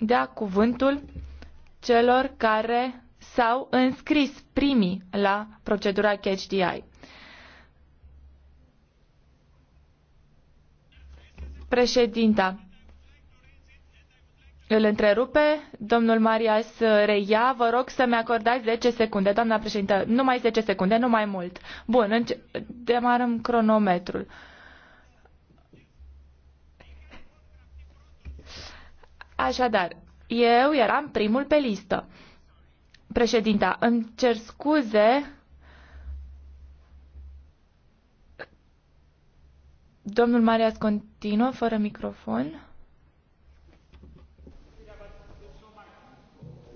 dea cuvântul celor care s-au înscris primii la procedura Catch the Eye. Președinta îl întrerupe, domnul Marias reia, vă rog să-mi acordați 10 secunde, doamna președintă, numai 10 secunde, nu mai mult. Bun, demarăm cronometrul. Așadar, eu eram primul pe listă. Președinta, îmi cer scuze. Domnul Marias continuă fără microfon.